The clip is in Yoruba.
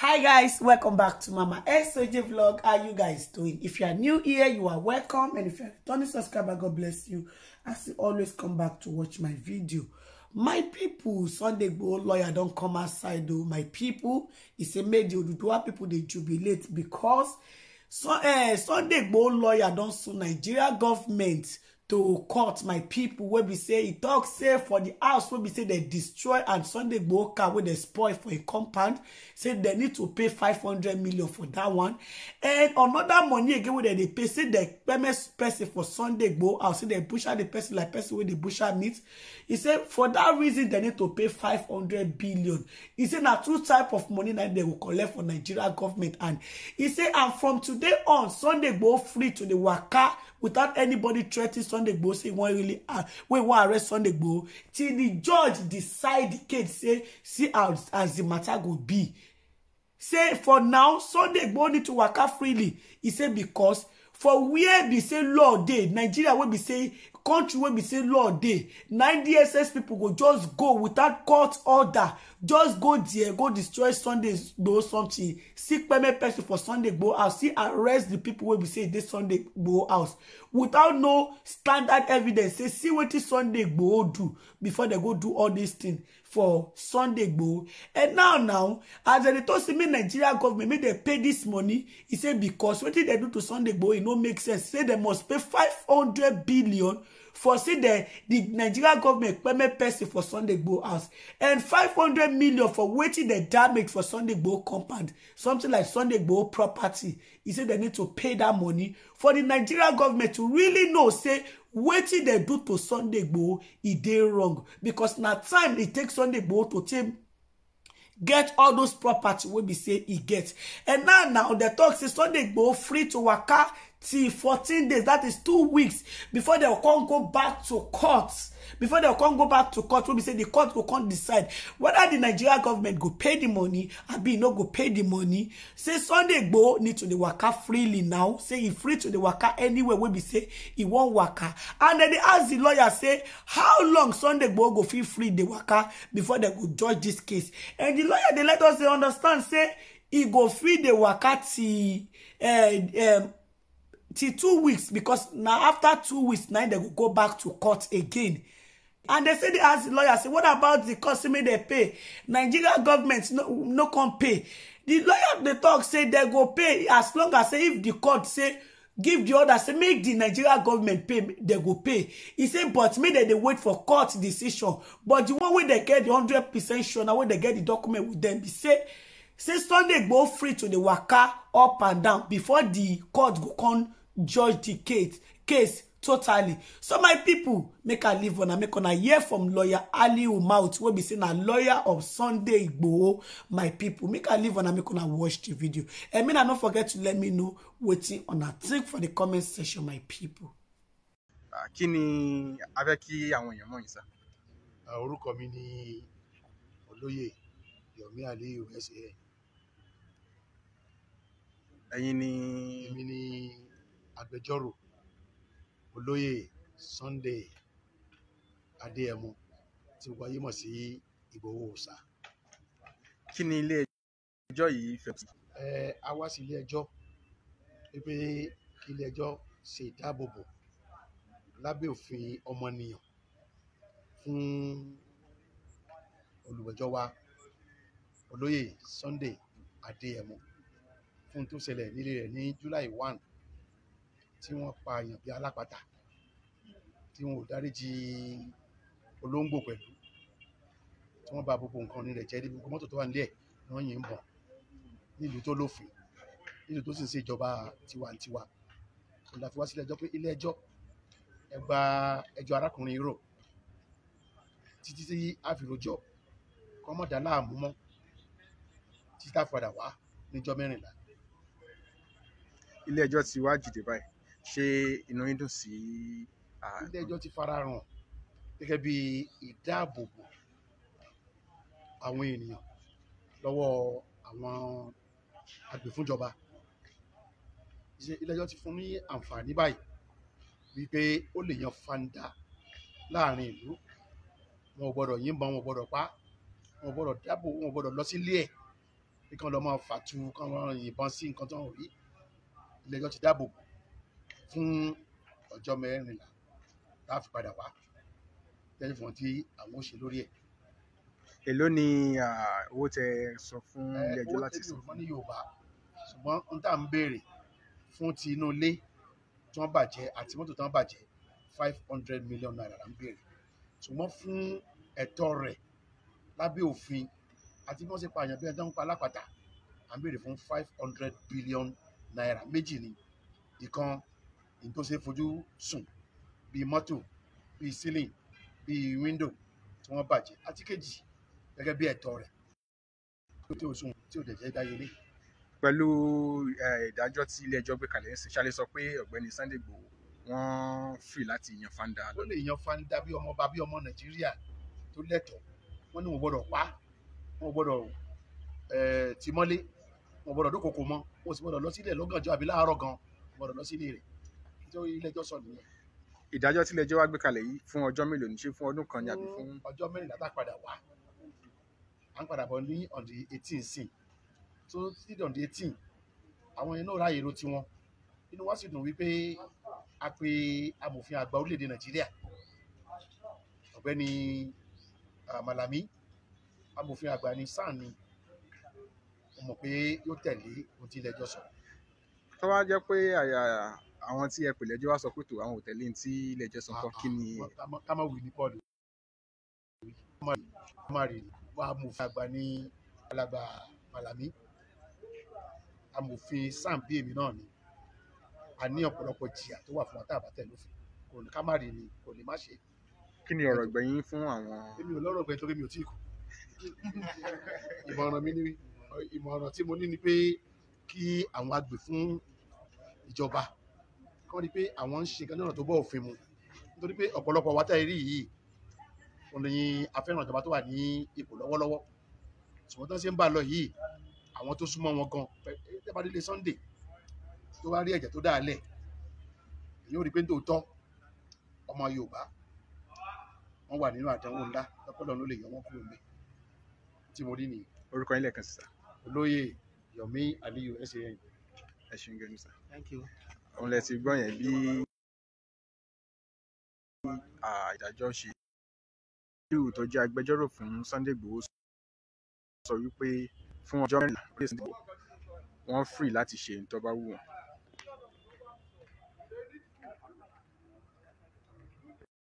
hi guys welcome back to mama soj vlog how you guys doing if you are new here you are welcome and if you're returning subscriber god bless you as you always come back to watch my video my people sunday Igboho lawyer don't come outside though my people e a media. the oduduwa people they jubilate because so, uh, eh, sunday Igboho lawyer don't sue nigeria government to court my people, wey be say e tok say for the house wey be say dem destroy and sunday gboo car wey dem spoil for a compound say dem need to pay five hundred million for dat one and another money again wey dem dey pay say dem permit person for sunday gboo house say dem butcher the person like person wey dey butcher meat e say for dat reason dem need to pay five hundred billion e say na two type of money na dem go collect for nigeria government and e say and from today on sunday gboo free to dey waka without anybody threatening Sunday Igboho say e wan really wey wan arrest Sunday Igboho till the judge decide case say see how as the matter go be say for now Sunday Igboho need to waka freely He say because for where be say law dey Nigeria wey be say country wey be say law dey nine dss people go just go without court order just go there go destroy sunday gboo something see permit person for sunday gboo house see arrest the people wey be say dey sunday gboo house without no standard evidence say see wetin sunday gboo do before dem go do all these things for sunday gboo and now now as dem dey tok say make nigeria government make dem pay this money e say becos wetin dem do to sunday gboo e no make sense say dem must pay five hundred billion for see the the nigeria government permit person for sunday go house and five hundred million for wetin dem damage for sunday go compound something like sunday go property e say dem need to pay that money for the nigeria government to really know say wetin dem do to sunday go e dey wrong because na time e take sunday go to take get all those property wey be say e get and now now dem tok say sunday go free to waka till 14 days that is two weeks before dem come go back to court before dem come go back to court We be say the court go come decide whether the nigeria government go pay the money abi no go pay the money say sunday go need to the waka freely now say he free to the waka anywhere We be say he won't waka and then they ask the lawyer say how long sunday go go feel free the waka before they go judge this case and the lawyer they let us dey understand say he go free dey waka till eh, eh, till two weeks because now after two weeks now they go back to court again and they say they ask the lawyer say what about the cost they pay nigeria government no no can pay The lawyer dey talk say they go pay as long as say if the court say give the order say make the nigeria government pay they go pay He say but me they they wait for court decision but the one way they get the 100 percent sure now when they get the document with them he say say sunday go free to the waka up and down before the court go come judge the case case totally so my people make i leave on and make una hear from lawyer ali umaut wey be say a lawyer of sunday igboho my people make i leave on and make una watch the video and mean i no forget to let me know Waiting on a think for the comment section my people. Ah, kí ni a fẹ́ kí àwọn èèyàn mọ̀ yín ah, mi ni olóyè yomi aliyu san. ẹ̀yin ni. èmi ni agbẹjọ́rò olóyè Sunday Adéyẹmọ tí wáyé mọ̀ sí Ìgbòho Òòṣà. kí ni ilé ẹjọ́ yìí fẹ́. ẹ a wá sí ilé ẹjọ́ wípé kí ilé ẹjọ́ ṣe ìdáàbòbò lábẹ́ òfin ọmọnìyàn fún olùgbẹ́jọ́ wa olóyè Sunday Adéyẹmọ fún tó ṣẹlẹ̀ nílé rẹ̀ ní July one tí wọ́n pa èèyàn bíi alápatà tí wọn ò dáríjì olóńgbò pẹ̀lú tí wọ́n ba gbogbo nǹkan ní rẹ̀ jẹ́ ní gbogbo mọ́tò tó wà nílẹ̀ ni wọ́n yìn ń bọ̀ nílùú tó lófin nílùú tó sì ń ṣèjọba tiwantiwa ìlà fi wá sílé ẹjọ́ pé ilé ẹjọ́ ẹ gba ẹjọ́ arákùnrin rò títí tí a fi rojọ́ kọ́ mọ̀ dá láàmú mọ́ títí tá a fi padà wá níjọ́ mẹ́rìnlá. ilé ẹjọ́ ti wá jìde báyìí ṣé inú yín dùn sí. ilé-ẹjọ́ ti farahàn gẹ́gẹ́ bí ìdáàbòbò àwọn ènìyàn lọ́wọ́ àwọn agbèfúnjọba ilé-ẹjọ́ ti fún ní àǹfààní báyìí wípé ó lè yan fanda láàrin ìlú wọn ò gbọ́dọ̀ yìnbọn wọn ò gbọ́dọ̀ pa wọn ò gbọ́dọ̀ dáàbò wọn ò gbọ́dọ̀ lọ sílé ẹ̀ kí kan lọ máa fàtú kí wọn yìnbọn sí nǹkan tó ń rí ilé-ẹjọ́ ti dáàbò bò fún ọjọ́ mẹ́rìnlá tá a fi padà wá lẹ́yìn fún tí àwọn ò ṣe lórí ẹ̀. èló ni owó tẹ sọ fún ilé ẹjọ́ láti sọ fún ní yorùbá ṣùgbọ́n n tá à ń béèrè fún ti inú ilé tí wọ́n bàjẹ́ àti mọ́tò tí wọ́n bàjẹ́ five hundred million naira là ń béèrè ṣùgbọ́n fún ẹ̀tọ́ rẹ̀ lábẹ́ òfin àti bí wọ́n ṣe pa àyàn bí ẹni ń pa alápàtà à ń béèrè fún five hundred billion naira méjì ni ìkan ní tó ṣe fojú sùn bíi mọ́tò bíi ceiling bíi window tí wọ́n bàjẹ́ àti kejì gẹ́gẹ́ bí ẹ̀tọ́ rẹ̀ tí ò sùn tí ò dẹ̀ jẹ́ dáyé lé. pẹ̀lú ìdájọ́ tí ilé-ẹjọ́ gbé kalẹ̀ ẹ̀sìn ṣáálẹ̀ sọ pé ọ̀gbẹ́ni Sunday Igboho wọ́n free láti yan fanda. ó lè yan fanda bí ọmọ ọba bí ọmọ Nàìjíríà tó lẹ́tọ̀ọ́ wọ́n ní wọ́n gbọ́dọ̀ pa wọ́n gbọ́dọ̀ tìmọ́lé wọ́n gbọ́dọ̀ dókòkò mọ́ wọ́n sì gbọ́dọ̀ lọ sílẹ̀ lọ́gànjọ́ àbí láàárọ̀ gan wọ́n gbọ́dọ̀ lọ sílé rẹ̀ tó ilé-ẹjọ́ sọ nìyẹn. ìdájọ́ tí ilé-ẹjọ́ wá gbé kalẹ̀ yìí fún ọjọ́ mélòó ní ṣe fún ọdún kan ni àbí fún. ọjọ́ mẹ́rìnlá tá a padà wá à ń padà bọ̀ ní on the eighteen sí so sí on the eighteen àwọn iná ráàyè ro tiwọn inú wa sì dùn wípé a pe amòfin àgbà orílẹ̀-èdè nàìjíríà ọ̀gbẹ́ni malami amòfin àgbà ni sáà ni mo mọ̀ pé yóò tẹ̀lé ohun tí ilé ẹjọ́ sọ. tó wá jẹ́ pé àyà àwọn tí ẹ pè lẹ́jọ́ wá sọ pé tó àwọn ò tẹ̀lé tí ilé ẹjọ́ sọ kọ́ kí ni. Ah, ah, ká má wí ní pọ́ọ̀lù ká má rí wá amòfin àgbà ní alàgbà malami amòfin sam bí èmi náà ni a ní ọ̀pọ̀lọpọ̀ jìyà tó wà fún wa tá a bá tẹ̀lé òfin kò ní ká má rí ni kò ní má ṣe. kí ni ọ̀rọ̀ ìgbẹ̀yìn fún àwọn. èmi ò lọ́rọ̀ ìgbẹ̀yìn torí mi ò tí ì kú ìmọ̀ràn mi ni ìmọ̀ràn tí mo ní ni pé kí àwọn agbè fún ìjọba kán rí pé àwọn ń ṣe nǹkan lọ́nà tó bọ́ òfin mu nítorí pé ọ̀pọ̀lọpọ̀ wa táyé rí yìí òun ni afẹ́ràn ìjọba tó wà ní ipò lọ́wọ́lọ́wọ́ ṣùgbọ́n tó ń ṣe ń bá lọ yìí àwọn tó súnmọ́ wọn gan tẹ́bàdílé Sunday tó wá rí ẹ̀jẹ̀ tó dáalẹ̀ yóò rí pé nítòótọ́ ọmọ Yorùbá wọn wà nínú àdánwò ńlá lọ́pọ̀lọ́ ló lè yọ wọn kúrò mẹ́ tí mo rí nìyí. orúkọ yín lẹ́ẹ̀kan sísá. olóyè Yomi Aliyu san. ẹ ṣeun gẹ́nu sá. thank you òun lẹ ti gbọ́ yẹn bí ìdájọ́ ṣe irú tó jẹ́ agbẹjọ́rò fún Sunday Igboho sọ wípé fún ọjọ́ mẹ́rìnlá wọ́n free láti ṣe nǹkan tó bá wù wọ́n.